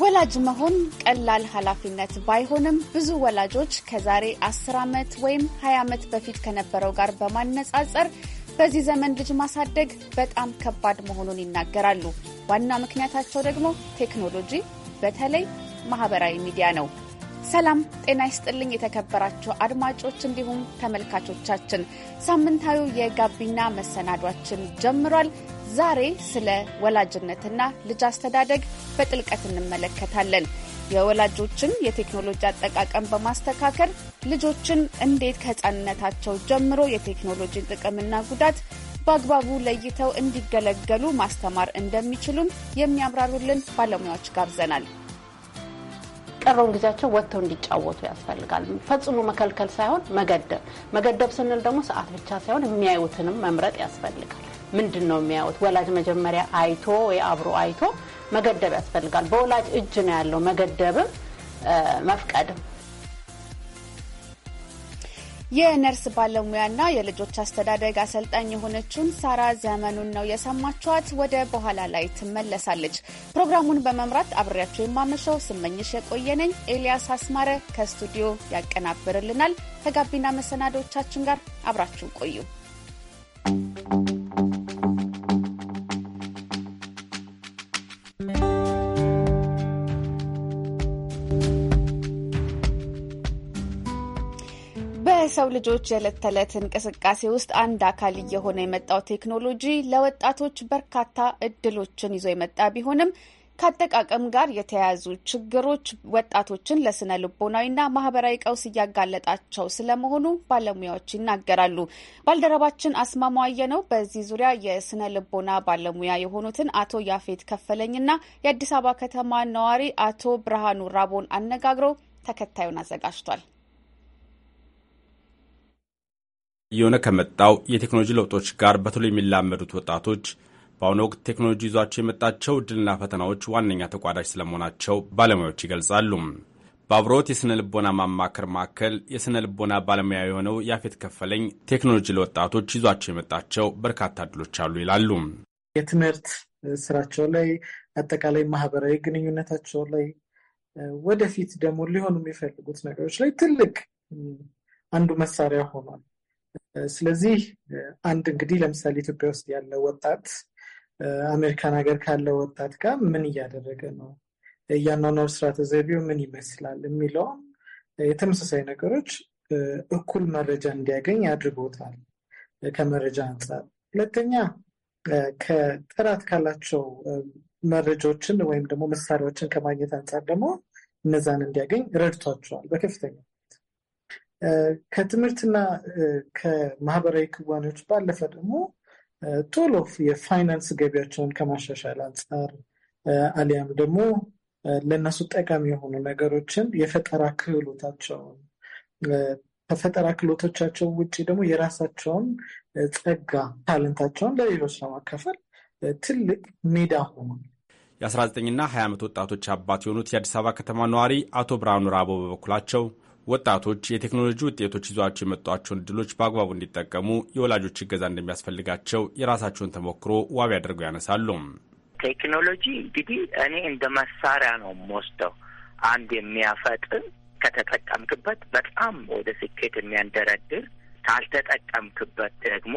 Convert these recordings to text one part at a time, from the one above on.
ወላጅ መሆን ቀላል ኃላፊነት ባይሆንም ብዙ ወላጆች ከዛሬ 10 ዓመት ወይም 20 ዓመት በፊት ከነበረው ጋር በማነጻጸር በዚህ ዘመን ልጅ ማሳደግ በጣም ከባድ መሆኑን ይናገራሉ። ዋና ምክንያታቸው ደግሞ ቴክኖሎጂ በተለይ ማህበራዊ ሚዲያ ነው። ሰላም ጤና ይስጥልኝ። የተከበራችሁ አድማጮች እንዲሁም ተመልካቾቻችን ሳምንታዊ የጋቢና መሰናዷችን ጀምሯል። ዛሬ ስለ ወላጅነትና ልጅ አስተዳደግ በጥልቀት እንመለከታለን። የወላጆችን የቴክኖሎጂ አጠቃቀም በማስተካከል ልጆችን እንዴት ከህፃንነታቸው ጀምሮ የቴክኖሎጂን ጥቅምና ጉዳት በአግባቡ ለይተው እንዲገለገሉ ማስተማር እንደሚችሉም የሚያብራሩልን ባለሙያዎች ጋብዘናል። ቀረውን ጊዜያቸው ወጥተው እንዲጫወቱ ያስፈልጋል። ፈጽሞ መከልከል ሳይሆን መገደብ። መገደብ ስንል ደግሞ ሰዓት ብቻ ሳይሆን የሚያዩትንም መምረጥ ያስፈልጋል። ምንድን ነው የሚያዩት? ወላጅ መጀመሪያ አይቶ ወይ አብሮ አይቶ መገደብ ያስፈልጋል። በወላጅ እጅ ነው ያለው መገደብም መፍቀድም የነርስ ባለሙያና የልጆች አስተዳደግ አሰልጣኝ የሆነችውን ሳራ ዘመኑን ነው የሰማችኋት። ወደ በኋላ ላይ ትመለሳለች። ፕሮግራሙን በመምራት አብሬያቸው የማመሸው ስመኝሽ የቆየነኝ። ኤልያስ አስማረ ከስቱዲዮ ያቀናብርልናል። ከጋቢና መሰናዶቻችን ጋር አብራችሁ ቆዩ። በሰው ልጆች የዕለት ተዕለት እንቅስቃሴ ውስጥ አንድ አካል እየሆነ የመጣው ቴክኖሎጂ ለወጣቶች በርካታ እድሎችን ይዞ የመጣ ቢሆንም ከአጠቃቀም ጋር የተያያዙ ችግሮች ወጣቶችን ለስነ ልቦናዊና ማህበራዊ ቀውስ እያጋለጣቸው ስለመሆኑ ባለሙያዎች ይናገራሉ። ባልደረባችን አስማማየ ነው በዚህ ዙሪያ የስነ ልቦና ባለሙያ የሆኑትን አቶ ያፌት ከፈለኝና የአዲስ አበባ ከተማ ነዋሪ አቶ ብርሃኑ ራቦን አነጋግረው ተከታዩን አዘጋጅቷል። እየሆነ ከመጣው የቴክኖሎጂ ለውጦች ጋር በቶሎ የሚላመዱት ወጣቶች በአሁኑ ወቅት ቴክኖሎጂ ይዟቸው የመጣቸው እድልና ፈተናዎች ዋነኛ ተቋዳጅ ስለመሆናቸው ባለሙያዎች ይገልጻሉ። በአብሮት የሥነ ልቦና ማማከር ማዕከል የሥነ ልቦና ባለሙያ የሆነው ያፌት ከፈለኝ ቴክኖሎጂ ለወጣቶች ይዟቸው የመጣቸው በርካታ እድሎች አሉ ይላሉ። የትምህርት ስራቸው ላይ፣ አጠቃላይ ማህበራዊ ግንኙነታቸው ላይ፣ ወደፊት ደግሞ ሊሆኑ የሚፈልጉት ነገሮች ላይ ትልቅ አንዱ መሳሪያ ሆኗል። ስለዚህ አንድ እንግዲህ ለምሳሌ ኢትዮጵያ ውስጥ ያለ ወጣት አሜሪካን ሀገር ካለው ወጣት ጋር ምን እያደረገ ነው፣ የአኗኗር ስርዓተ ዘይቤው ምን ይመስላል የሚለውም የተመሳሳይ ነገሮች እኩል መረጃ እንዲያገኝ አድርጎታል። ከመረጃ አንጻር ሁለተኛ ከጥራት ካላቸው መረጃዎችን ወይም ደግሞ መሳሪያዎችን ከማግኘት አንጻር ደግሞ እነዛን እንዲያገኝ ረድቷቸዋል በከፍተኛ ከትምህርትና ከማህበራዊ ክዋኔዎች ባለፈ ደግሞ ቶሎ የፋይናንስ ገቢያቸውን ከማሻሻል አንጻር አሊያም ደግሞ ለእነሱ ጠቃሚ የሆኑ ነገሮችን የፈጠራ ክህሎታቸውን ከፈጠራ ክህሎቶቻቸው ውጭ ደግሞ የራሳቸውን ጸጋ ታለንታቸውን ለሌሎች ለማካፈል ትልቅ ሜዳ ሆኗል። የ19ና 20 ዓመት ወጣቶች አባት የሆኑት የአዲስ አበባ ከተማ ነዋሪ አቶ ብርሃኑ ራቦ በበኩላቸው ወጣቶች የቴክኖሎጂ ውጤቶች ይዟቸው የመጧቸውን እድሎች በአግባቡ እንዲጠቀሙ የወላጆች እገዛ እንደሚያስፈልጋቸው የራሳቸውን ተሞክሮ ዋቢ አድርገው ያነሳሉ። ቴክኖሎጂ እንግዲህ እኔ እንደ መሳሪያ ነው የምወስደው። አንድ የሚያፈጥን ከተጠቀምክበት በጣም ወደ ስኬት የሚያንደረድር፣ ካልተጠቀምክበት ደግሞ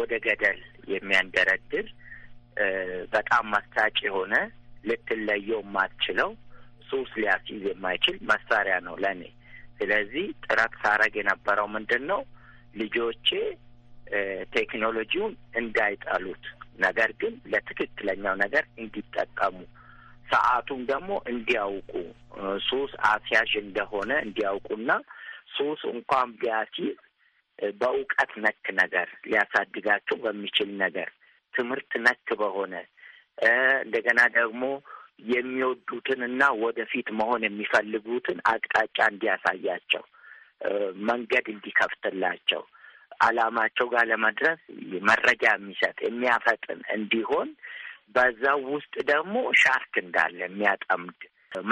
ወደ ገደል የሚያንደረድር በጣም ማስታጭ የሆነ ልትለየው የማትችለው ሱስ ሊያስይዝ የማይችል መሳሪያ ነው ለእኔ። ስለዚህ ጥረት ሳረግ የነበረው ምንድን ነው ልጆቼ ቴክኖሎጂውን እንዳይጠሉት፣ ነገር ግን ለትክክለኛው ነገር እንዲጠቀሙ ሰዓቱም ደግሞ እንዲያውቁ ሱስ አስያዥ እንደሆነ እንዲያውቁና ሱስ እንኳን ቢያሲዝ በእውቀት ነክ ነገር ሊያሳድጋቸው በሚችል ነገር ትምህርት ነክ በሆነ እንደገና ደግሞ የሚወዱትንና ወደፊት መሆን የሚፈልጉትን አቅጣጫ እንዲያሳያቸው መንገድ እንዲከፍትላቸው አላማቸው ጋር ለመድረስ መረጃ የሚሰጥ የሚያፈጥን እንዲሆን በዛው ውስጥ ደግሞ ሻርክ እንዳለ የሚያጠምድ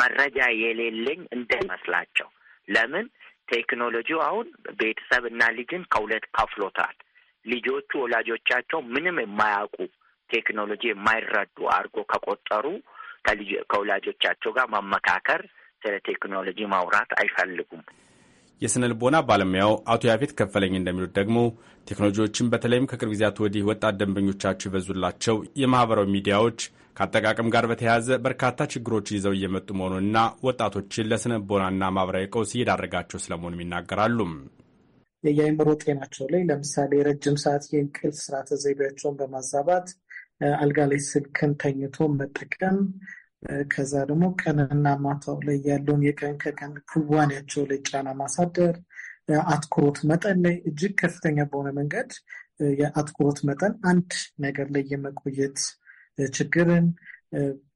መረጃ የሌለኝ እንዳይመስላቸው። ለምን ቴክኖሎጂው አሁን ቤተሰብ እና ልጅን ከሁለት ከፍሎታል። ልጆቹ ወላጆቻቸው ምንም የማያውቁ ቴክኖሎጂ የማይረዱ አድርጎ ከቆጠሩ ከወላጆቻቸው ጋር ማመካከር ስለ ቴክኖሎጂ ማውራት አይፈልጉም። የስነ ልቦና ባለሙያው አቶ ያፌት ከፈለኝ እንደሚሉት ደግሞ ቴክኖሎጂዎችን በተለይም ከቅርብ ጊዜያት ወዲህ ወጣት ደንበኞቻቸው ይበዙላቸው የማህበራዊ ሚዲያዎች ከአጠቃቀም ጋር በተያያዘ በርካታ ችግሮች ይዘው እየመጡ መሆኑንና ወጣቶችን ለስነ ልቦናና ማህበራዊ ቀውስ እየዳረጋቸው ስለመሆኑም ይናገራሉ። የአእምሮ ጤናቸው ላይ ለምሳሌ ረጅም ሰዓት የእንቅልፍ ስርዓተ ዘይቤያቸውን በማዛባት አልጋ ላይ ስልክን ተኝቶ መጠቀም ከዛ ደግሞ ቀንና ማታው ላይ ያለውን የቀን ከቀን ክዋኔያቸው ላይ ጫና ማሳደር፣ አትኩሮት መጠን ላይ እጅግ ከፍተኛ በሆነ መንገድ የአትኩሮት መጠን አንድ ነገር ላይ የመቆየት ችግርን፣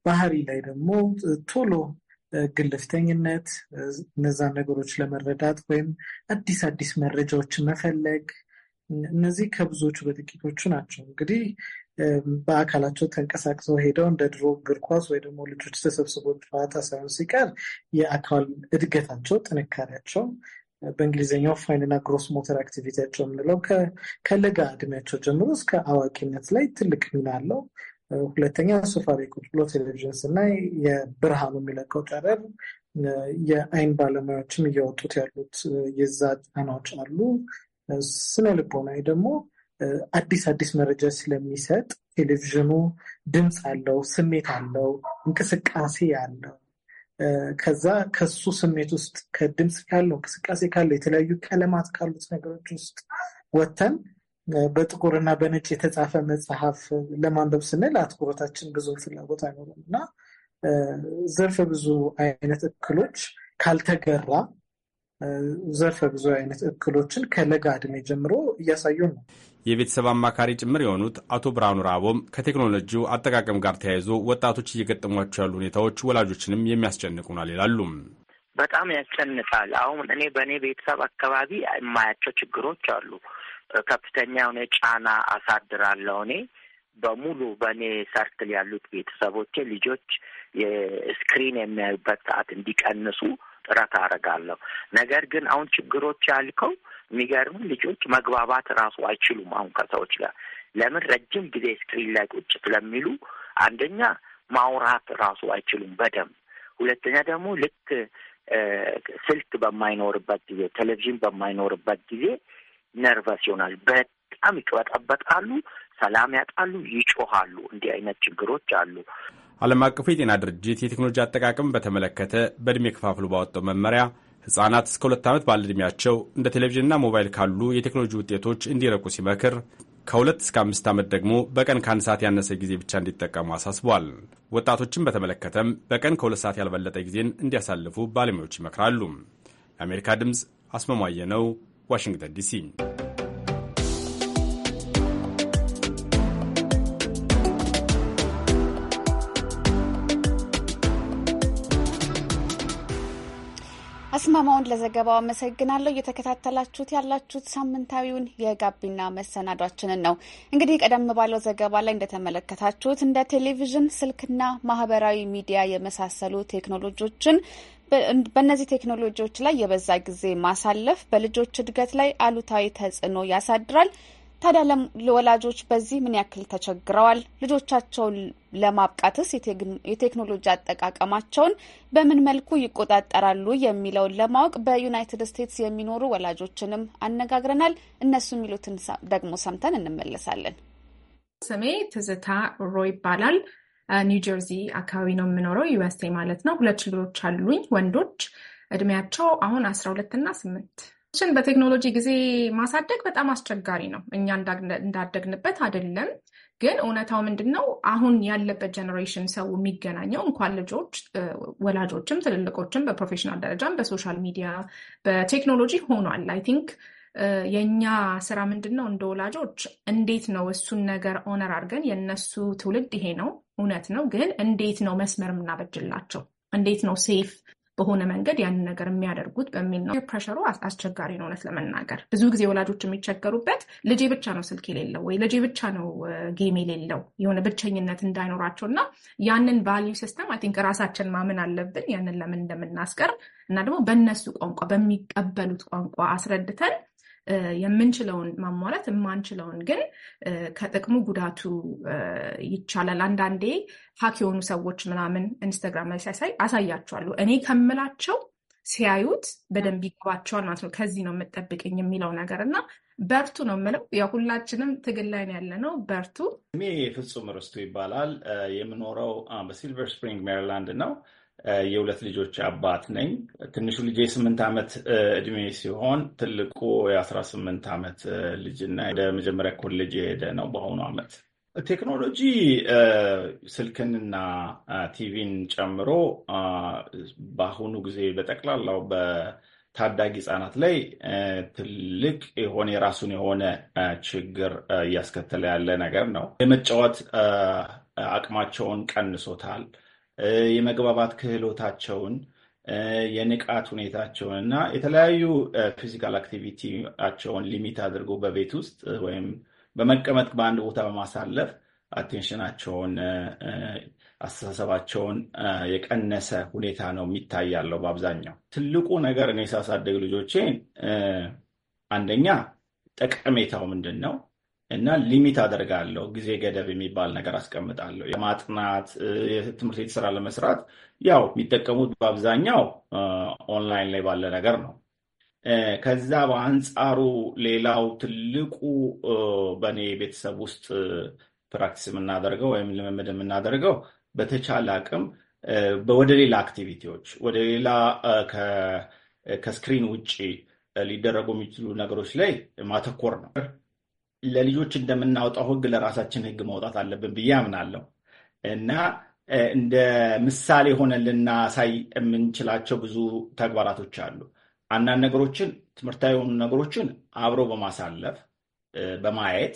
ባህሪ ላይ ደግሞ ቶሎ ግልፍተኝነት፣ እነዛን ነገሮች ለመረዳት ወይም አዲስ አዲስ መረጃዎችን መፈለግ እነዚህ ከብዙዎቹ በጥቂቶቹ ናቸው። እንግዲህ በአካላቸው ተንቀሳቅሰው ሄደው እንደ ድሮ እግር ኳስ ወይ ደግሞ ልጆች ተሰብስቦ ጨዋታ ሳይሆን ሲቀር የአካል እድገታቸው ጥንካሬያቸው በእንግሊዝኛው ፋይንና ግሮስ ሞተር አክቲቪቲያቸው የምንለው ከለጋ እድሜያቸው ጀምሮ እስከ አዋቂነት ላይ ትልቅ ሚና አለው። ሁለተኛ ሶፋ ላይ ቁጭ ብሎ ቴሌቪዥን ስናይ የብርሃኑ የሚለቀው ጨረር የአይን ባለሙያዎችም እያወጡት ያሉት የዛ ጫናዎች አሉ። ስነ ልቦናዊ ደግሞ አዲስ አዲስ መረጃ ስለሚሰጥ ቴሌቪዥኑ ድምፅ አለው፣ ስሜት አለው፣ እንቅስቃሴ አለው። ከዛ ከሱ ስሜት ውስጥ ከድምፅ ካለው እንቅስቃሴ ካለው የተለያዩ ቀለማት ካሉት ነገሮች ውስጥ ወጥተን እና በነጭ የተጻፈ መጽሐፍ ለማንበብ ስንል አትኩሮታችን ብዙ ፍላጎት አይኖርም እና ዘርፈ ብዙ አይነት እክሎች ካልተገራ ዘርፈ ብዙ አይነት እክሎችን ከለጋ ዕድሜ ጀምሮ እያሳዩ ነው። የቤተሰብ አማካሪ ጭምር የሆኑት አቶ ብርሃኑ ራቦም ከቴክኖሎጂው አጠቃቀም ጋር ተያይዞ ወጣቶች እየገጠሟቸው ያሉ ሁኔታዎች ወላጆችንም የሚያስጨንቁናል ይላሉ። በጣም ያስጨንቃል። አሁን እኔ በእኔ ቤተሰብ አካባቢ የማያቸው ችግሮች አሉ። ከፍተኛ የሆነ ጫና አሳድራለሁ እኔ በሙሉ በእኔ ሰርክል ያሉት ቤተሰቦቼ ልጆች የስክሪን የሚያዩበት ሰዓት እንዲቀንሱ ጥረት አደርጋለሁ። ነገር ግን አሁን ችግሮች ያልከው የሚገርም ልጆች መግባባት ራሱ አይችሉም። አሁን ከሰዎች ጋር ለምን ረጅም ጊዜ ስክሪን ላይ ቁጭ ስለሚሉ አንደኛ ማውራት ራሱ አይችሉም በደንብ ሁለተኛ ደግሞ ልክ ስልክ በማይኖርበት ጊዜ ቴሌቪዥን በማይኖርበት ጊዜ ነርቨስ ይሆናል። በጣም ይቅበጠበጣሉ፣ ሰላም ያጣሉ፣ ይጮሃሉ። እንዲህ አይነት ችግሮች አሉ። ዓለም አቀፉ የጤና ድርጅት የቴክኖሎጂ አጠቃቀም በተመለከተ በዕድሜ ከፋፍሎ ባወጣው መመሪያ ሕፃናት እስከ ሁለት ዓመት ባለ ዕድሜያቸው እንደ ቴሌቪዥንና ሞባይል ካሉ የቴክኖሎጂ ውጤቶች እንዲረቁ ሲመክር ከሁለት እስከ አምስት ዓመት ደግሞ በቀን ከአንድ ሰዓት ያነሰ ጊዜ ብቻ እንዲጠቀሙ አሳስቧል። ወጣቶችን በተመለከተም በቀን ከሁለት ሰዓት ያልበለጠ ጊዜን እንዲያሳልፉ ባለሙያዎች ይመክራሉ። የአሜሪካ ድምፅ አስመሟየ ነው፣ ዋሽንግተን ዲሲ አስማማውን ለዘገባው አመሰግናለሁ። እየተከታተላችሁት ያላችሁት ሳምንታዊውን የጋቢና መሰናዷችንን ነው። እንግዲህ ቀደም ባለው ዘገባ ላይ እንደተመለከታችሁት እንደ ቴሌቪዥን፣ ስልክና ማህበራዊ ሚዲያ የመሳሰሉ ቴክኖሎጂዎችን በእነዚህ ቴክኖሎጂዎች ላይ የበዛ ጊዜ ማሳለፍ በልጆች እድገት ላይ አሉታዊ ተጽዕኖ ያሳድራል። ታዲያ ለወላጆች በዚህ ምን ያክል ተቸግረዋል? ልጆቻቸውን ለማብቃትስ የቴክኖሎጂ አጠቃቀማቸውን በምን መልኩ ይቆጣጠራሉ? የሚለውን ለማወቅ በዩናይትድ ስቴትስ የሚኖሩ ወላጆችንም አነጋግረናል። እነሱ የሚሉትን ደግሞ ሰምተን እንመለሳለን። ስሜ ትዝታ ሮ ይባላል። ኒው ጀርዚ አካባቢ ነው የምኖረው፣ ዩኤስኤ ማለት ነው። ሁለት ልጆች አሉኝ ወንዶች እድሜያቸው አሁን አስራ ሁለት እና ስምንት ችን በቴክኖሎጂ ጊዜ ማሳደግ በጣም አስቸጋሪ ነው። እኛ እንዳደግንበት አይደለም። ግን እውነታው ምንድን ነው? አሁን ያለበት ጀኔሬሽን ሰው የሚገናኘው እንኳን ልጆች፣ ወላጆችም፣ ትልልቆችም በፕሮፌሽናል ደረጃም በሶሻል ሚዲያ በቴክኖሎጂ ሆኗል። አይ ቲንክ የእኛ ስራ ምንድን ነው? እንደ ወላጆች እንዴት ነው እሱን ነገር ኦነር አድርገን የእነሱ ትውልድ ይሄ ነው እውነት ነው፣ ግን እንዴት ነው መስመር የምናበጅላቸው? እንዴት ነው ሴፍ በሆነ መንገድ ያን ነገር የሚያደርጉት በሚል ነው። ፕሬሸሩ አስቸጋሪ ነው። እውነት ለመናገር ብዙ ጊዜ ወላጆች የሚቸገሩበት ልጄ ብቻ ነው ስልክ የሌለው ወይ ልጄ ብቻ ነው ጌም የሌለው የሆነ ብቸኝነት እንዳይኖራቸው እና ያንን ቫሊዩ ሲስተም አይ ቲንክ ራሳችን ማመን አለብን ያንን ለምን እንደምናስቀር እና ደግሞ በእነሱ ቋንቋ በሚቀበሉት ቋንቋ አስረድተን የምንችለውን ማሟላት የማንችለውን ግን ከጥቅሙ ጉዳቱ ይቻላል። አንዳንዴ ሀክ የሆኑ ሰዎች ምናምን ኢንስታግራም ላይ ሳይሳይ አሳያቸዋለሁ እኔ ከምላቸው ሲያዩት በደንብ ይገባቸዋል ማለት ነው። ከዚህ ነው የምጠብቅኝ የሚለው ነገር እና በርቱ ነው የምለው። የሁላችንም ትግል ላይ ያለ ነው። በርቱ። እኔ የፍጹም ርስቱ ይባላል። የምኖረው በሲልቨር ስፕሪንግ ሜሪላንድ ነው። የሁለት ልጆች አባት ነኝ። ትንሹ ልጅ የስምንት ዓመት እድሜ ሲሆን ትልቁ የአስራ ስምንት ዓመት ልጅና ወደ መጀመሪያ ኮሌጅ የሄደ ነው በአሁኑ ዓመት። ቴክኖሎጂ ስልክንና ቲቪን ጨምሮ በአሁኑ ጊዜ በጠቅላላው በታዳጊ ህጻናት ላይ ትልቅ የሆነ የራሱን የሆነ ችግር እያስከተለ ያለ ነገር ነው። የመጫወት አቅማቸውን ቀንሶታል። የመግባባት ክህሎታቸውን፣ የንቃት ሁኔታቸውን እና የተለያዩ ፊዚካል አክቲቪቲቸውን ሊሚት አድርጎ በቤት ውስጥ ወይም በመቀመጥ በአንድ ቦታ በማሳለፍ አቴንሽናቸውን አስተሳሰባቸውን የቀነሰ ሁኔታ ነው የሚታያለው በአብዛኛው። ትልቁ ነገር እኔ ሳሳደግ ልጆቼን አንደኛ ጠቀሜታው ምንድን ነው? እና ሊሚት አደርጋለሁ። ጊዜ ገደብ የሚባል ነገር አስቀምጣለሁ። የማጥናት ትምህርት ቤት ስራ ለመስራት ያው የሚጠቀሙት በአብዛኛው ኦንላይን ላይ ባለ ነገር ነው። ከዛ በአንጻሩ ሌላው ትልቁ በእኔ ቤተሰብ ውስጥ ፕራክቲስ የምናደርገው ወይም ልምምድ የምናደርገው በተቻለ አቅም ወደ ሌላ አክቲቪቲዎች ወደ ሌላ ከስክሪን ውጭ ሊደረጉ የሚችሉ ነገሮች ላይ ማተኮር ነው። ለልጆች እንደምናወጣው ህግ ለራሳችን ህግ መውጣት አለብን ብዬ አምናለሁ እና እንደ ምሳሌ ሆነን ልናሳይ የምንችላቸው ብዙ ተግባራቶች አሉ። አንዳንድ ነገሮችን ትምህርታዊ የሆኑ ነገሮችን አብሮ በማሳለፍ በማየት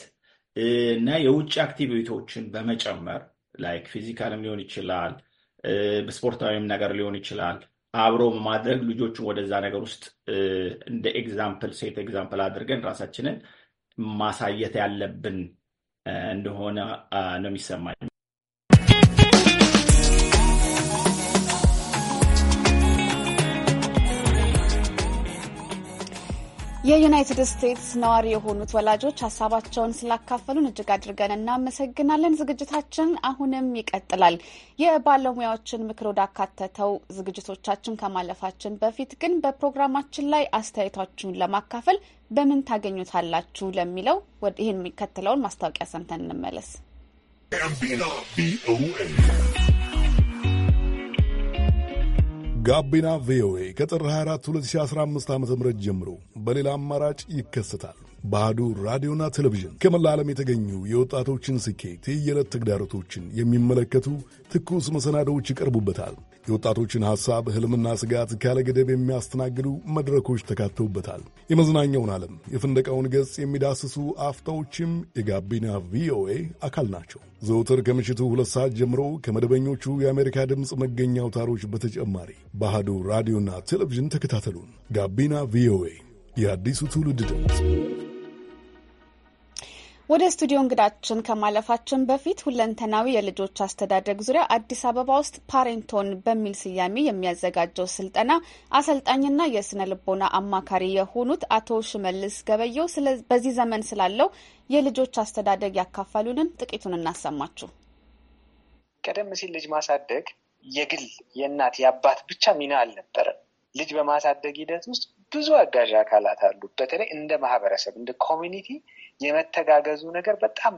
እና የውጭ አክቲቪቲዎችን በመጨመር ላይክ ፊዚካልም ሊሆን ይችላል፣ በስፖርታዊም ነገር ሊሆን ይችላል። አብሮ በማድረግ ልጆችን ወደዛ ነገር ውስጥ እንደ ኤግዛምፕል ሴት ኤግዛምፕል አድርገን ራሳችንን ማሳየት ያለብን እንደሆነ ነው የሚሰማኝ። የዩናይትድ ስቴትስ ነዋሪ የሆኑት ወላጆች ሀሳባቸውን ስላካፈሉን እጅግ አድርገን እናመሰግናለን። ዝግጅታችን አሁንም ይቀጥላል። የባለሙያዎችን ምክር ወዳካተተው ዝግጅቶቻችን ከማለፋችን በፊት ግን በፕሮግራማችን ላይ አስተያየታችሁን ለማካፈል በምን ታገኙታላችሁ ለሚለው ይህን የሚከተለውን ማስታወቂያ ሰምተን እንመለስ። ጋቢና ቪኦኤ ከጥር 24 2015 ዓ ም ጀምሮ በሌላ አማራጭ ይከሰታል። ባህዱ ራዲዮና ቴሌቪዥን ከመላ ዓለም የተገኙ የወጣቶችን ስኬት፣ የየዕለት ተግዳሮቶችን የሚመለከቱ ትኩስ መሰናዶዎች ይቀርቡበታል። የወጣቶችን ሐሳብ፣ ህልምና ስጋት ካለ ገደብ የሚያስተናግዱ መድረኮች ተካተውበታል። የመዝናኛውን ዓለም፣ የፍንደቃውን ገጽ የሚዳስሱ አፍታዎችም የጋቢና ቪኦኤ አካል ናቸው። ዘውትር ከምሽቱ ሁለት ሰዓት ጀምሮ ከመደበኞቹ የአሜሪካ ድምፅ መገኛ አውታሮች በተጨማሪ ባህዱ ራዲዮና ቴሌቪዥን ተከታተሉን። ጋቢና ቪኦኤ የአዲሱ ትውልድ ድምፅ ወደ ስቱዲዮ እንግዳችን ከማለፋችን በፊት ሁለንተናዊ የልጆች አስተዳደግ ዙሪያ አዲስ አበባ ውስጥ ፓሬንቶን በሚል ስያሜ የሚያዘጋጀው ስልጠና አሰልጣኝና የስነ ልቦና አማካሪ የሆኑት አቶ ሽመልስ ገበየው በዚህ ዘመን ስላለው የልጆች አስተዳደግ ያካፈሉንን ጥቂቱን እናሰማችሁ። ቀደም ሲል ልጅ ማሳደግ የግል የእናት የአባት ብቻ ሚና አልነበረም። ልጅ በማሳደግ ሂደት ውስጥ ብዙ አጋዥ አካላት አሉ። በተለይ እንደ ማህበረሰብ እንደ ኮሚኒቲ የመተጋገዙ ነገር በጣም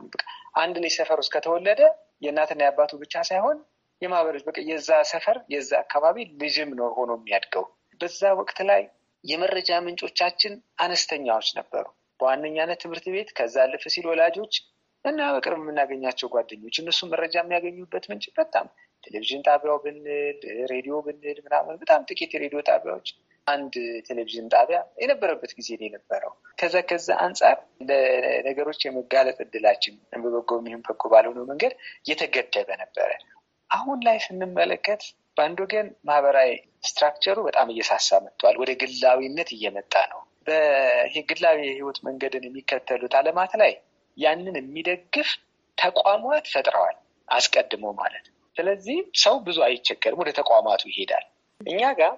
አንድ ልጅ ሰፈር ውስጥ ከተወለደ የእናትና የአባቱ ብቻ ሳይሆን የማህበረች በቃ የዛ ሰፈር የዛ አካባቢ ልጅም ነው ሆኖ የሚያድገው። በዛ ወቅት ላይ የመረጃ ምንጮቻችን አነስተኛዎች ነበሩ። በዋነኛነት ትምህርት ቤት፣ ከዛ አለፍ ሲል ወላጆች እና በቅርብ የምናገኛቸው ጓደኞች፣ እነሱ መረጃ የሚያገኙበት ምንጭ በጣም ቴሌቪዥን ጣቢያው ብንል ሬዲዮ ብንል ምናምን በጣም ጥቂት የሬዲዮ ጣቢያዎች አንድ ቴሌቪዥን ጣቢያ የነበረበት ጊዜ ነው የነበረው። ከዛ ከዛ አንጻር ለነገሮች የመጋለጥ እድላችን በበጎ የሚሆን በጎ ባልሆነው መንገድ እየተገደበ ነበረ። አሁን ላይ ስንመለከት በአንድ ወገን ማህበራዊ ስትራክቸሩ በጣም እየሳሳ መጥተዋል። ወደ ግላዊነት እየመጣ ነው። በግላዊ የህይወት መንገድን የሚከተሉት አለማት ላይ ያንን የሚደግፍ ተቋማት ፈጥረዋል፣ አስቀድሞ ማለት ነው። ስለዚህ ሰው ብዙ አይቸገርም፣ ወደ ተቋማቱ ይሄዳል። እኛ ጋር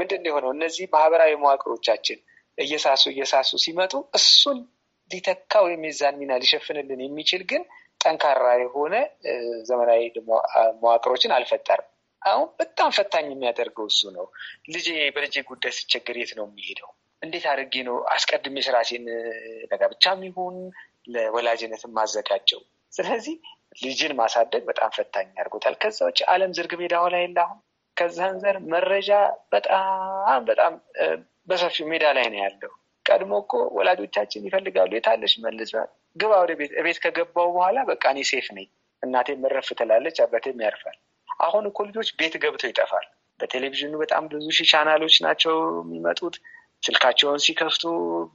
ምንድን ነው የሆነው? እነዚህ ማህበራዊ መዋቅሮቻችን እየሳሱ እየሳሱ ሲመጡ እሱን ሊተካ ወይም የዛን ሚና ሊሸፍንልን የሚችል ግን ጠንካራ የሆነ ዘመናዊ መዋቅሮችን አልፈጠርም። አሁን በጣም ፈታኝ የሚያደርገው እሱ ነው። ልጄ በልጄ ጉዳይ ስቸገር የት ነው የሚሄደው? እንዴት አድርጌ ነው አስቀድሜ ስራሴን ነገር ብቻ የሚሆን ለወላጅነትን ማዘጋጀው? ስለዚህ ልጅን ማሳደግ በጣም ፈታኝ ያደርጎታል። ከዛ ውጭ ዓለም ዝርግ ሜዳ ሆና የለ አሁን ከዛን ዘር መረጃ በጣም በጣም በሰፊው ሜዳ ላይ ነው ያለው። ቀድሞ እኮ ወላጆቻችን ይፈልጋሉ የታለሽ መልስ ግባ ወደ ቤት ቤት ከገባው በኋላ በቃ እኔ ሴፍ ነኝ፣ እናቴም መረፍ ትላለች፣ አባቴም ያርፋል። አሁን እኮ ልጆች ቤት ገብተው ይጠፋል። በቴሌቪዥኑ በጣም ብዙ ሺህ ቻናሎች ናቸው የሚመጡት። ስልካቸውን ሲከፍቱ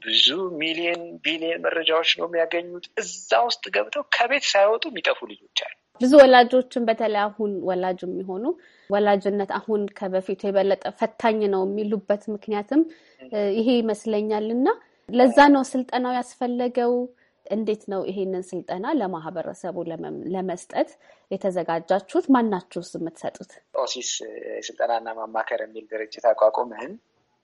ብዙ ሚሊየን ቢሊየን መረጃዎች ነው የሚያገኙት። እዛ ውስጥ ገብተው ከቤት ሳይወጡ የሚጠፉ ልጆች አሉ። ብዙ ወላጆችን በተለይ አሁን ወላጅ የሚሆኑ ወላጅነት አሁን ከበፊቱ የበለጠ ፈታኝ ነው የሚሉበት ምክንያትም ይሄ ይመስለኛል። እና ለዛ ነው ስልጠናው ያስፈለገው። እንዴት ነው ይሄንን ስልጠና ለማህበረሰቡ ለመስጠት የተዘጋጃችሁት? ማናችሁስ የምትሰጡት? ኦሲስ ስልጠናና ማማከር የሚል ድርጅት አቋቁምህን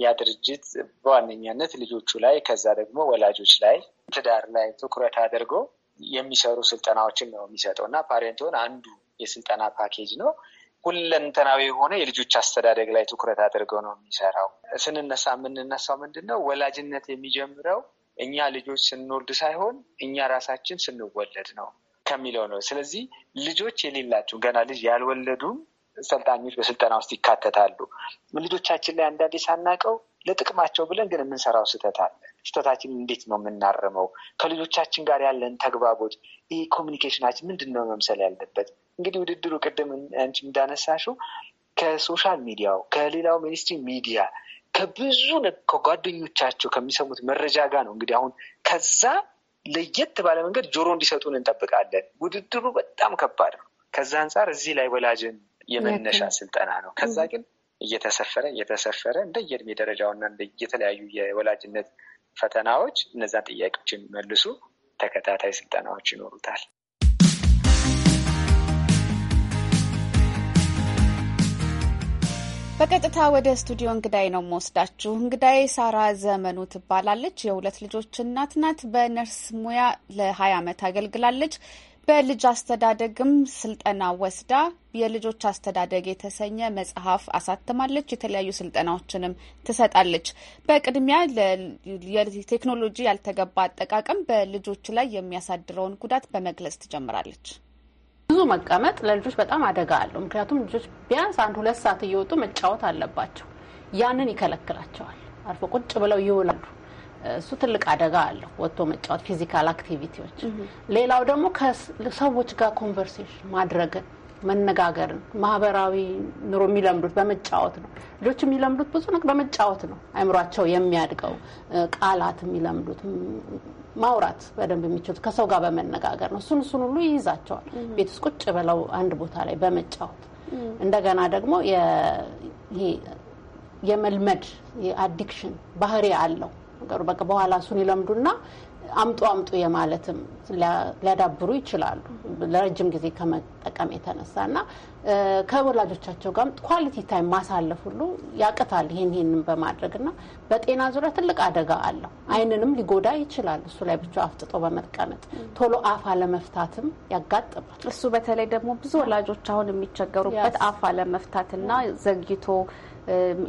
ያ ድርጅት በዋነኛነት ልጆቹ ላይ ከዛ ደግሞ ወላጆች ላይ ትዳር ላይ ትኩረት አድርጎ የሚሰሩ ስልጠናዎችን ነው የሚሰጠው እና ፓሬንትሆን አንዱ የስልጠና ፓኬጅ ነው። ሁለንተናዊ የሆነ የልጆች አስተዳደግ ላይ ትኩረት አድርገው ነው የሚሰራው። ስንነሳ የምንነሳው ምንድን ነው ወላጅነት የሚጀምረው እኛ ልጆች ስንወልድ ሳይሆን እኛ ራሳችን ስንወለድ ነው ከሚለው ነው። ስለዚህ ልጆች የሌላቸው ገና ልጅ ያልወለዱም ሰልጣኞች በስልጠና ውስጥ ይካተታሉ። ልጆቻችን ላይ አንዳንዴ ሳናቀው ለጥቅማቸው ብለን ግን የምንሰራው ስህተት አለ። ስህተታችን እንዴት ነው የምናርመው? ከልጆቻችን ጋር ያለን ተግባቦት፣ ይህ ኮሚኒኬሽናችን ምንድን ነው መምሰል ያለበት? እንግዲህ ውድድሩ ቅድም አንቺ እንዳነሳሽው ከሶሻል ሚዲያው ከሌላው ሚኒስትሪ ሚዲያ ከብዙ ከጓደኞቻቸው ከሚሰሙት መረጃ ጋር ነው እንግዲህ አሁን ከዛ ለየት ባለ መንገድ ጆሮ እንዲሰጡን እንጠብቃለን። ውድድሩ በጣም ከባድ ነው። ከዛ አንጻር እዚህ ላይ ወላጅን የመነሻ ስልጠና ነው። ከዛ ግን እየተሰፈረ እየተሰፈረ እንደየእድሜ ደረጃውና እንደየተለያዩ የወላጅነት ፈተናዎች እነዛን ጥያቄዎች የሚመልሱ ተከታታይ ስልጠናዎች ይኖሩታል። በቀጥታ ወደ ስቱዲዮ እንግዳይ ነው መወስዳችሁ። እንግዳይ ሳራ ዘመኑ ትባላለች። የሁለት ልጆች እናት ናት። በነርስ ሙያ ለ ዓመት አገልግላለች። በልጅ አስተዳደግም ስልጠና ወስዳ የልጆች አስተዳደግ የተሰኘ መጽሐፍ አሳትማለች። የተለያዩ ስልጠናዎችንም ትሰጣለች። በቅድሚያ የቴክኖሎጂ ያልተገባ አጠቃቀም በልጆች ላይ የሚያሳድረውን ጉዳት በመግለጽ ትጀምራለች። ብዙ መቀመጥ ለልጆች በጣም አደጋ አለው። ምክንያቱም ልጆች ቢያንስ አንድ ሁለት ሰዓት እየወጡ መጫወት አለባቸው። ያንን ይከለክላቸዋል። አርፎ ቁጭ ብለው ይውላሉ። እሱ ትልቅ አደጋ አለው። ወጥቶ መጫወት፣ ፊዚካል አክቲቪቲዎች። ሌላው ደግሞ ከሰዎች ጋር ኮንቨርሴሽን ማድረግን መነጋገርን ማህበራዊ ኑሮ የሚለምዱት በመጫወት ነው። ልጆች የሚለምዱት ብዙ ነገር በመጫወት ነው። አይምሯቸው የሚያድገው ቃላት የሚለምዱት ማውራት በደንብ የሚችሉት ከሰው ጋር በመነጋገር ነው። እሱን እሱን ሁሉ ይይዛቸዋል። ቤት ውስጥ ቁጭ ብለው አንድ ቦታ ላይ በመጫወት እንደገና ደግሞ የመልመድ የአዲክሽን ባህሪ አለው ነገሩ በቃ በኋላ እሱን ይለምዱና አምጡ አምጡ የማለትም ሊያዳብሩ ይችላሉ ለረጅም ጊዜ ከመጠቀም የተነሳ እና ከወላጆቻቸው ጋር ኳሊቲ ታይም ማሳለፍ ሁሉ ያቅታል። ይህን ይህንን በማድረግ እና በጤና ዙሪያ ትልቅ አደጋ አለው። አይንንም ሊጎዳ ይችላል። እሱ ላይ ብቻ አፍጥጦ በመቀመጥ ቶሎ አፍ አለመፍታትም ያጋጥማል። እሱ በተለይ ደግሞ ብዙ ወላጆች አሁን የሚቸገሩበት አፍ አለመፍታትና ዘግይቶ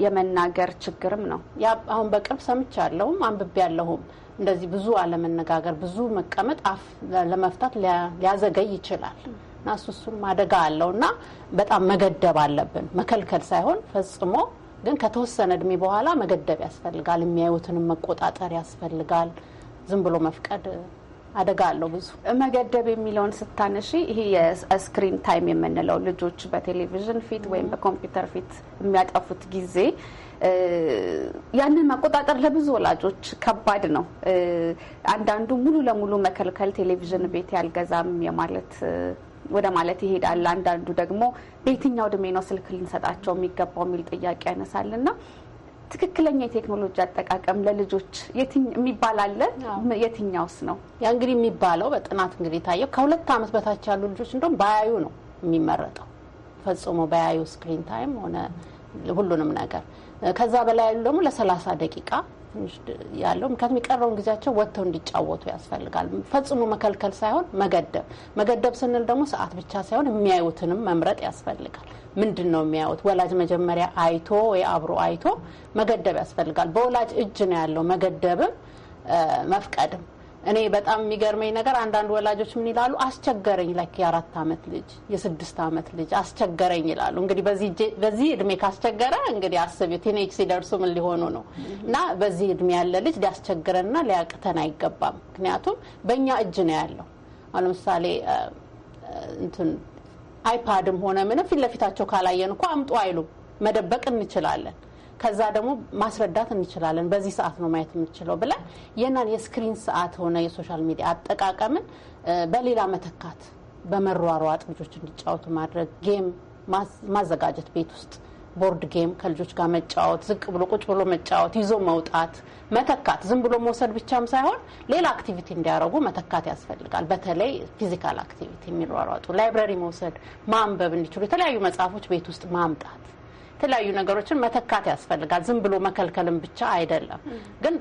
የመናገር ችግርም ነው። ያ አሁን በቅርብ ሰምቻለሁም አንብቤ ያለሁም እንደዚህ ብዙ አለመነጋገር፣ ብዙ መቀመጥ አፍ ለመፍታት ሊያዘገይ ይችላል እና እሱ እሱም አደጋ አለው እና በጣም መገደብ አለብን። መከልከል ሳይሆን ፈጽሞ ግን ከተወሰነ እድሜ በኋላ መገደብ ያስፈልጋል። የሚያዩትንም መቆጣጠር ያስፈልጋል። ዝም ብሎ መፍቀድ አደጋ አለው። ብዙ መገደብ የሚለውን ስታነሺ ይሄ የስክሪን ታይም የምንለው ልጆች በቴሌቪዥን ፊት ወይም በኮምፒውተር ፊት የሚያጠፉት ጊዜ ያንን መቆጣጠር ለብዙ ወላጆች ከባድ ነው። አንዳንዱ ሙሉ ለሙሉ መከልከል፣ ቴሌቪዥን ቤት ያልገዛም የማለት ወደ ማለት ይሄዳል። አንዳንዱ ደግሞ በየትኛው እድሜ ነው ስልክ ልንሰጣቸው የሚገባው የሚል ጥያቄ ያነሳል እና ትክክለኛ የቴክኖሎጂ አጠቃቀም ለልጆች የሚባል አለ። የትኛውስ ነው? ያ እንግዲህ የሚባለው በጥናት እንግዲህ ታየው ከሁለት ዓመት በታች ያሉ ልጆች እንደውም ባያዩ ነው የሚመረጠው። ፈጽሞ ባያዩ ስክሪን ታይም ሆነ ሁሉንም ነገር ከዛ በላይ ያሉ ደግሞ ለሰላሳ ደቂቃ ያለው ምክንያቱም የቀረውን ጊዜያቸው ወጥተው እንዲጫወቱ ያስፈልጋል። ፈጽሞ መከልከል ሳይሆን መገደብ። መገደብ ስንል ደግሞ ሰዓት ብቻ ሳይሆን የሚያዩትንም መምረጥ ያስፈልጋል። ምንድን ነው የሚያዩት? ወላጅ መጀመሪያ አይቶ ወይ አብሮ አይቶ መገደብ ያስፈልጋል። በወላጅ እጅ ነው ያለው መገደብም መፍቀድም እኔ በጣም የሚገርመኝ ነገር አንዳንድ ወላጆች ምን ይላሉ? አስቸገረኝ ላይክ የአራት ዓመት ልጅ የስድስት አመት ልጅ አስቸገረኝ ይላሉ። እንግዲህ በዚህ እድሜ ካስቸገረ እንግዲህ አስብ ቲኔጅ ሲደርሱ ምን ሊሆኑ ነው? እና በዚህ እድሜ ያለ ልጅ ሊያስቸግረንና ሊያቅተን አይገባም። ምክንያቱም በእኛ እጅ ነው ያለው። አሁን ለምሳሌ እንትን አይፓድም ሆነ ምንም ፊት ለፊታቸው ካላየን እኮ አምጡ አይሉም። መደበቅ እንችላለን። ከዛ ደግሞ ማስረዳት እንችላለን። በዚህ ሰዓት ነው ማየት የምችለው ብለን የናን የስክሪን ሰዓት ሆነ የሶሻል ሚዲያ አጠቃቀምን በሌላ መተካት፣ በመሯሯጥ ልጆች እንዲጫወቱ ማድረግ፣ ጌም ማዘጋጀት ቤት ውስጥ ቦርድ ጌም ከልጆች ጋር መጫወት፣ ዝቅ ብሎ ቁጭ ብሎ መጫወት፣ ይዞ መውጣት፣ መተካት ዝም ብሎ መውሰድ ብቻም ሳይሆን ሌላ አክቲቪቲ እንዲያደርጉ መተካት ያስፈልጋል። በተለይ ፊዚካል አክቲቪቲ የሚሯሯጡ ላይብረሪ መውሰድ፣ ማንበብ እንዲችሉ የተለያዩ መጽሐፎች ቤት ውስጥ ማምጣት የተለያዩ ነገሮችን መተካት ያስፈልጋል። ዝም ብሎ መከልከልም ብቻ አይደለም። ግን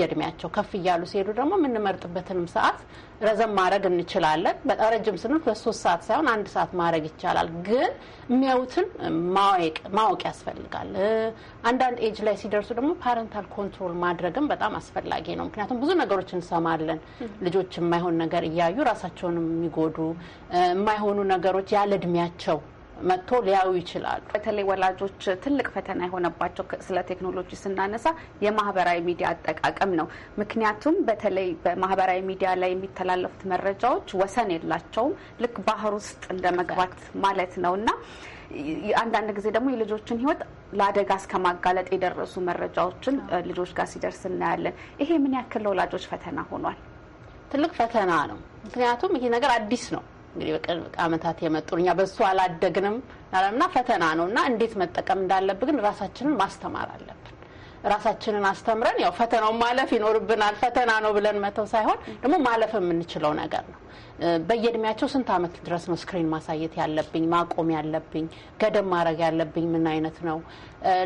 የእድሜያቸው ከፍ እያሉ ሲሄዱ ደግሞ የምንመርጥበትንም ሰዓት ረዘም ማድረግ እንችላለን። በጣም ረጅም ስንል በሶስት ሰዓት ሳይሆን አንድ ሰዓት ማድረግ ይቻላል። ግን የሚያዩትን ማወቅ ያስፈልጋል። አንዳንድ ኤጅ ላይ ሲደርሱ ደግሞ ፓረንታል ኮንትሮል ማድረግም በጣም አስፈላጊ ነው። ምክንያቱም ብዙ ነገሮች እንሰማለን። ልጆች የማይሆን ነገር እያዩ ራሳቸውንም የሚጎዱ የማይሆኑ ነገሮች ያለ እድሜያቸው መጥቶ ሊያዩ ይችላሉ። በተለይ ወላጆች ትልቅ ፈተና የሆነባቸው ስለ ቴክኖሎጂ ስናነሳ የማህበራዊ ሚዲያ አጠቃቀም ነው። ምክንያቱም በተለይ በማህበራዊ ሚዲያ ላይ የሚተላለፉት መረጃዎች ወሰን የላቸውም። ልክ ባህር ውስጥ እንደ መግባት ማለት ነው እና አንዳንድ ጊዜ ደግሞ የልጆችን ህይወት ለአደጋ እስከ ማጋለጥ የደረሱ መረጃዎችን ልጆች ጋር ሲደርስ እናያለን። ይሄ ምን ያክል ለወላጆች ፈተና ሆኗል? ትልቅ ፈተና ነው። ምክንያቱም ይሄ ነገር አዲስ ነው እንግዲህ በቅርብ አመታት የመጡ እኛ በእሱ አላደግንም እና ፈተና ነው እና እንዴት መጠቀም እንዳለብን ራሳችንን ማስተማር አለብን። ራሳችንን አስተምረን ያው ፈተናው ማለፍ ይኖርብናል። ፈተና ነው ብለን መተው ሳይሆን ደግሞ ማለፍ የምንችለው ነገር ነው። በየእድሜያቸው ስንት ዓመት ድረስ ነው ስክሪን ማሳየት ያለብኝ ማቆም ያለብኝ ገደብ ማድረግ ያለብኝ ምን አይነት ነው?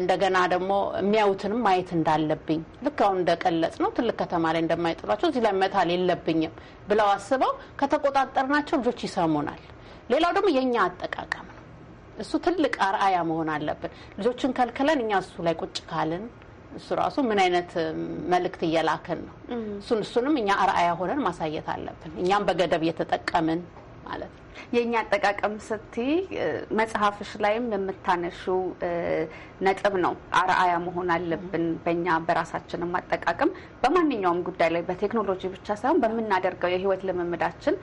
እንደገና ደግሞ የሚያዩትንም ማየት እንዳለብኝ ልክ አሁን እንደቀለጽ ነው ትልቅ ከተማ ላይ እንደማይጥሏቸው እዚህ ላይ መታል የለብኝም ብለው አስበው ከተቆጣጠርናቸው ልጆች ይሰሙናል። ሌላው ደግሞ የእኛ አጠቃቀም ነው። እሱ ትልቅ አርአያ መሆን አለብን። ልጆችን ከልክለን እኛ እሱ ላይ ቁጭ ካልን እሱ ራሱ ምን አይነት መልእክት እየላከን ነው? እሱን እሱንም እኛ አርአያ ሆነን ማሳየት አለብን። እኛም በገደብ እየተጠቀምን ማለት ነው። የእኛ አጠቃቀም ስቲ መጽሐፍሽ ላይም የምታነሹው ነጥብ ነው። አርአያ መሆን አለብን በእኛ በራሳችንም አጠቃቀም በማንኛውም ጉዳይ ላይ በቴክኖሎጂ ብቻ ሳይሆን በምናደርገው የህይወት ልምምዳችን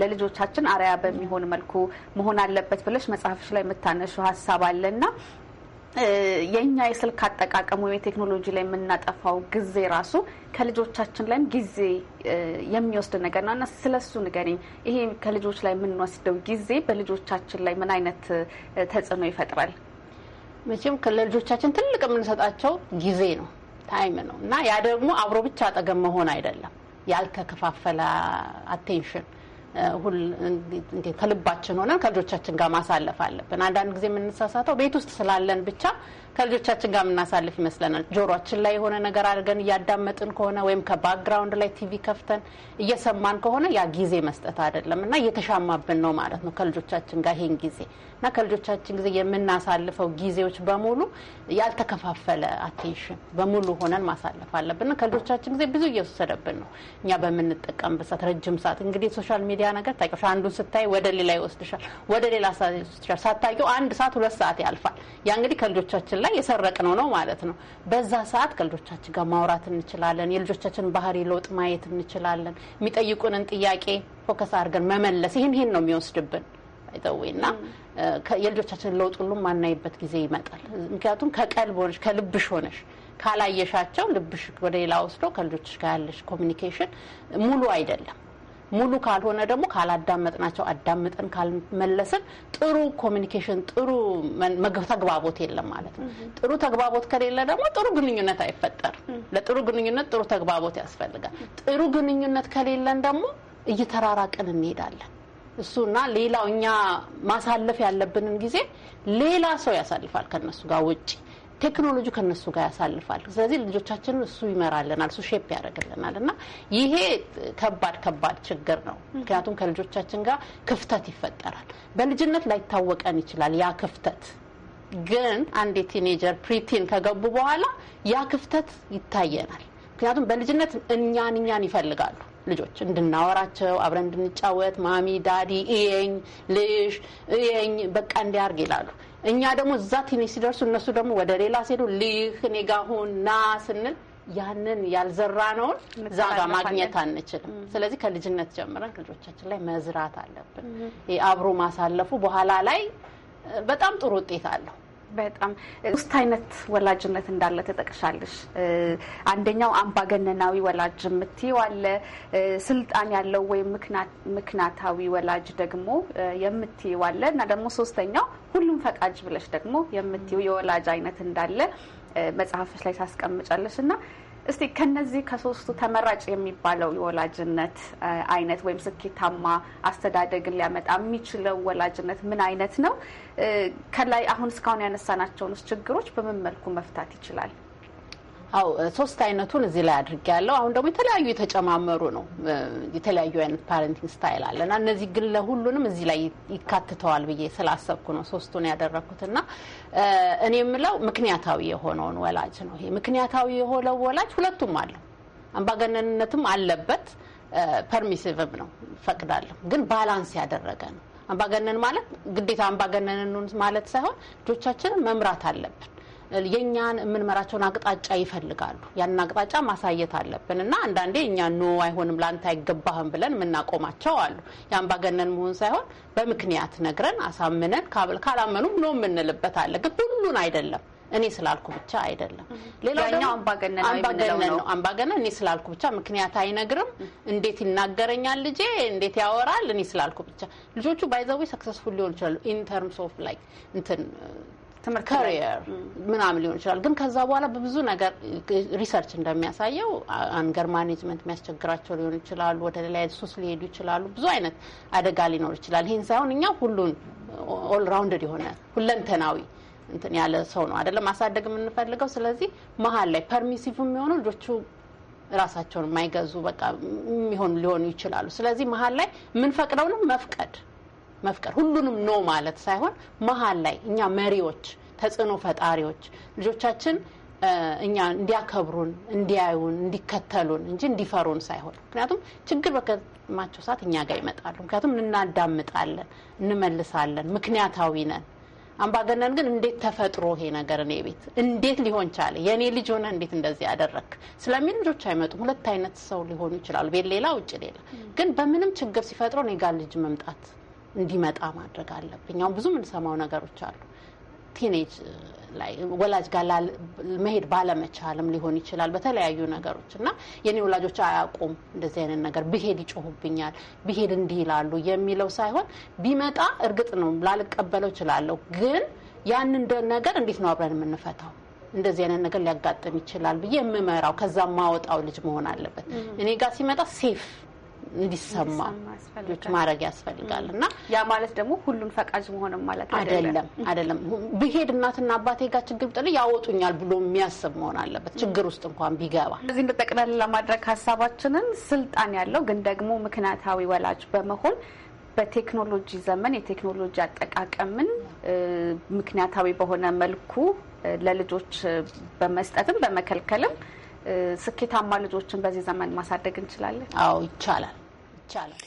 ለልጆቻችን አርያ በሚሆን መልኩ መሆን አለበት ብለሽ መጽሐፍሽ ላይ የምታነሹ ሀሳብ አለ እና የእኛ የስልክ አጠቃቀም ወይም የቴክኖሎጂ ላይ የምናጠፋው ጊዜ ራሱ ከልጆቻችን ላይም ጊዜ የሚወስድ ነገር ነው እና ስለሱ ንገሪኝ። ይሄ ከልጆች ላይ የምንወስደው ጊዜ በልጆቻችን ላይ ምን አይነት ተጽዕኖ ይፈጥራል? መቼም ለልጆቻችን ትልቅ የምንሰጣቸው ጊዜ ነው፣ ታይም ነው እና ያ ደግሞ አብሮ ብቻ አጠገብ መሆን አይደለም፣ ያልተከፋፈለ አቴንሽን ከልባችን ሆነን ከልጆቻችን ጋር ማሳለፍ አለብን። አንዳንድ ጊዜ የምንሳሳተው ቤት ውስጥ ስላለን ብቻ ከልጆቻችን ጋር የምናሳልፍ ይመስለናል። ጆሮችን ላይ የሆነ ነገር አድርገን እያዳመጥን ከሆነ ወይም ከባክግራውንድ ላይ ቲቪ ከፍተን እየሰማን ከሆነ ያ ጊዜ መስጠት አይደለም እና እየተሻማብን ነው ማለት ነው ከልጆቻችን ጋር ይህን ጊዜ እና ከልጆቻችን ጊዜ የምናሳልፈው ጊዜዎች በሙሉ ያልተከፋፈለ አቴንሽን በሙሉ ሆነን ማሳለፍ አለብን። ከልጆቻችን ጊዜ ብዙ እየወሰደብን ነው እኛ በምንጠቀምበት ሰዓት ረጅም ሰዓት እንግዲህ ሶሻል ሚዲያ ነገር ታውቂያለሽ። አንዱን ስታይ ወደ ሌላ ይወስድሻል፣ ወደ ሌላ ሰዓት ይወስድሻል። ሳታውቂው አንድ ሰዓት ሁለት ሰዓት ያልፋል። ያ እንግዲህ ከልጆቻችን ላይ የሰረቅ ነው ማለት ነው። በዛ ሰዓት ከልጆቻችን ጋር ማውራት እንችላለን። የልጆቻችን ባህሪ ለውጥ ማየት እንችላለን። የሚጠይቁንን ጥያቄ ፎከስ አድርገን መመለስ ይህን ይህን ነው የሚወስድብን ይተወና የልጆቻችን ለውጥ ሁሉ ማናይበት ጊዜ ይመጣል። ምክንያቱም ከቀልብ ሆነሽ ከልብሽ ሆነሽ ካላየሻቸው ልብሽ ወደ ሌላ ወስዶ ከልጆች ጋር ያለሽ ኮሚኒኬሽን ሙሉ አይደለም። ሙሉ ካልሆነ ደግሞ ካላዳመጥናቸው አዳምጠን ካልመለስን ጥሩ ኮሚኒኬሽን፣ ጥሩ ተግባቦት የለም ማለት ነው። ጥሩ ተግባቦት ከሌለ ደግሞ ጥሩ ግንኙነት አይፈጠርም። ለጥሩ ግንኙነት ጥሩ ተግባቦት ያስፈልጋል። ጥሩ ግንኙነት ከሌለን ደግሞ እየተራራቅን እንሄዳለን። እሱና ሌላው እኛ ማሳለፍ ያለብንን ጊዜ ሌላ ሰው ያሳልፋል ከነሱ ጋር ውጭ ቴክኖሎጂ ከነሱ ጋር ያሳልፋል። ስለዚህ ልጆቻችን እሱ ይመራልናል፣ እሱ ሼፕ ያደርግልናል እና ይሄ ከባድ ከባድ ችግር ነው። ምክንያቱም ከልጆቻችን ጋር ክፍተት ይፈጠራል። በልጅነት ላይታወቀን ይችላል ያ ክፍተት ግን አንድ የቲኔጀር ፕሪቲን ከገቡ በኋላ ያ ክፍተት ይታየናል። ምክንያቱም በልጅነት እኛን እኛን ይፈልጋሉ ልጆች እንድናወራቸው አብረን እንድንጫወት ማሚ ዳዲ እየኝ ልሽ እየኝ በቃ እንዲያርግ ይላሉ። እኛ ደግሞ እዛ ቲኒ ሲደርሱ እነሱ ደግሞ ወደ ሌላ ሲሄዱ ልህ እኔ ጋ ና ስንል ያንን ያልዘራነውን እዛ ጋር ማግኘት አንችልም። ስለዚህ ከልጅነት ጀምረን ልጆቻችን ላይ መዝራት አለብን። አብሮ ማሳለፉ በኋላ ላይ በጣም ጥሩ ውጤት አለው። በጣም ሶስት አይነት ወላጅነት እንዳለ ተጠቅሻለሽ። አንደኛው አምባገነናዊ ወላጅ የምትይው አለ፣ ስልጣን ያለው ወይም ምክንያታዊ ወላጅ ደግሞ የምትይው አለ እና ደግሞ ሶስተኛው ሁሉም ፈቃጅ ብለሽ ደግሞ የምትይው የወላጅ አይነት እንዳለ መጽሐፎች ላይ ታስቀምጫለሽ እና እስቲ ከነዚህ ከሶስቱ ተመራጭ የሚባለው የወላጅነት አይነት ወይም ስኬታማ አስተዳደግን ሊያመጣ የሚችለው ወላጅነት ምን አይነት ነው? ከላይ አሁን እስካሁን ያነሳናቸውን ችግሮች በምን መልኩ መፍታት ይችላል? አው ሶስት አይነቱን እዚህ ላይ አድርጌ ያለው አሁን ደግሞ የተለያዩ የተጨማመሩ ነው። የተለያዩ አይነት ፓረንቲንግ ስታይል አለ እና እነዚህ ግን ለሁሉንም እዚህ ላይ ይካትተዋል ብዬ ስላሰብኩ ነው ሶስቱን ያደረግኩት እና እኔ የምለው ምክንያታዊ የሆነውን ወላጅ ነው። ይሄ ምክንያታዊ የሆነው ወላጅ ሁለቱም አለው፣ አምባገነንነትም አለበት፣ ፐርሚሲቭም ነው ፈቅዳለሁ፣ ግን ባላንስ ያደረገ ነው። አምባገነን ማለት ግዴታ አምባገነን ማለት ሳይሆን ልጆቻችንን መምራት አለብን የእኛን የምንመራቸውን አቅጣጫ ይፈልጋሉ። ያንን አቅጣጫ ማሳየት አለብን እና አንዳንዴ እኛ ኖ አይሆንም፣ ለአንተ አይገባህም ብለን የምናቆማቸው አሉ። የአምባገነን መሆን ሳይሆን በምክንያት ነግረን አሳምነን ካላመኑም ኖ የምንልበት አለ። ግን ሁሉን አይደለም እኔ ስላልኩ ብቻ አይደለም። ሌላኛው አምባገነን ነው። አምባገነን እኔ ስላልኩ ብቻ ምክንያት አይነግርም። እንዴት ይናገረኛል ልጄ? እንዴት ያወራል? እኔ ስላልኩ ብቻ ልጆቹ ባይዘዌ ሰክሰስፉል ሊሆን ይችላሉ ኢንተርምስ ኦፍ ላይክ እንትን ካሪየር ምናምን ሊሆን ይችላል። ግን ከዛ በኋላ በብዙ ነገር ሪሰርች እንደሚያሳየው አንገር ማኔጅመንት የሚያስቸግራቸው ሊሆን ይችላሉ። ወደ ሌላ ሱስ ሊሄዱ ይችላሉ። ብዙ አይነት አደጋ ሊኖር ይችላል። ይህን ሳይሆን እኛ ሁሉን ኦል ራውንድድ የሆነ ሁለንተናዊ እንትን ያለ ሰው ነው አይደለም ማሳደግ የምንፈልገው። ስለዚህ መሀል ላይ ፐርሚሲቭ የሚሆኑ ልጆቹ ራሳቸውን የማይገዙ በቃ የሚሆኑ ሊሆኑ ይችላሉ። ስለዚህ መሀል ላይ የምንፈቅደውንም መፍቀድ መፍቀር ሁሉንም ኖ ማለት ሳይሆን መሀል ላይ እኛ መሪዎች፣ ተጽዕኖ ፈጣሪዎች ልጆቻችን እኛ እንዲያከብሩን፣ እንዲያዩን፣ እንዲከተሉን እንጂ እንዲፈሩን ሳይሆን ምክንያቱም ችግር በከማቸው ሰዓት እኛ ጋር ይመጣሉ። ምክንያቱም እናዳምጣለን፣ እንመልሳለን፣ ምክንያታዊ ነን። አምባገነን ግን እንዴት ተፈጥሮ ይሄ ነገር እኔ ቤት እንዴት ሊሆን ቻለ? የእኔ ልጅ ሆነ እንዴት እንደዚህ ያደረግ ስለሚል ልጆች አይመጡም። ሁለት አይነት ሰው ሊሆኑ ይችላሉ፣ ቤት ሌላ፣ ውጭ ሌላ። ግን በምንም ችግር ሲፈጥሮ እኔ ጋር ልጅ መምጣት እንዲመጣ ማድረግ አለብኝ። አሁን ብዙ የምንሰማው ነገሮች አሉ። ቲኔጅ ላይ ወላጅ ጋር መሄድ ባለመቻልም ሊሆን ይችላል። በተለያዩ ነገሮች እና የኔ ወላጆች አያውቁም እንደዚህ አይነት ነገር ብሄድ ይጮሁብኛል፣ ብሄድ እንዲህ ይላሉ የሚለው ሳይሆን ቢመጣ እርግጥ ነው ላልቀበለው እችላለሁ፣ ግን ያንን ነገር እንዴት ነው አብረን የምንፈታው እንደዚህ አይነት ነገር ሊያጋጥም ይችላል ብዬ የምመራው ከዛ ማወጣው ልጅ መሆን አለበት። እኔ ጋር ሲመጣ ሴፍ እንዲሰማ ልጆች ማድረግ ያስፈልጋል እና ያ ማለት ደግሞ ሁሉም ፈቃጅ መሆንም ማለት አይደለም። አይደለም ብሄድ እናትና አባቴ ጋር ችግር ብጥል ያወጡኛል ብሎ የሚያስብ መሆን አለበት፣ ችግር ውስጥ እንኳን ቢገባ። እዚህ እንደጠቅለል ለማድረግ ሀሳባችንን ስልጣን ያለው ግን ደግሞ ምክንያታዊ ወላጅ በመሆን በቴክኖሎጂ ዘመን የቴክኖሎጂ አጠቃቀምን ምክንያታዊ በሆነ መልኩ ለልጆች በመስጠትም በመከልከልም ስኬታማ ልጆችን በዚህ ዘመን ማሳደግ እንችላለን። አዎ ይቻላል። ይቻላል።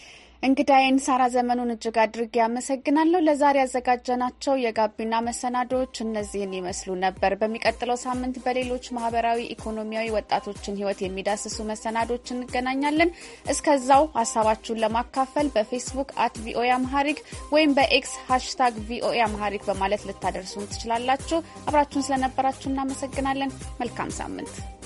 እንግዳዬን ሳራ ዘመኑን እጅግ አድርጌ ያመሰግናለሁ። ለዛሬ ያዘጋጀናቸው የጋቢና መሰናዶዎች እነዚህን ይመስሉ ነበር። በሚቀጥለው ሳምንት በሌሎች ማህበራዊ፣ ኢኮኖሚያዊ ወጣቶችን ህይወት የሚዳስሱ መሰናዶች እንገናኛለን። እስከዛው ሀሳባችሁን ለማካፈል በፌስቡክ አት ቪኦኤ አምሃሪክ ወይም በኤክስ ሃሽታግ ቪኦኤ አምሃሪክ በማለት ልታደርሱን ትችላላችሁ። አብራችሁን ስለነበራችሁ እናመሰግናለን። መልካም ሳምንት።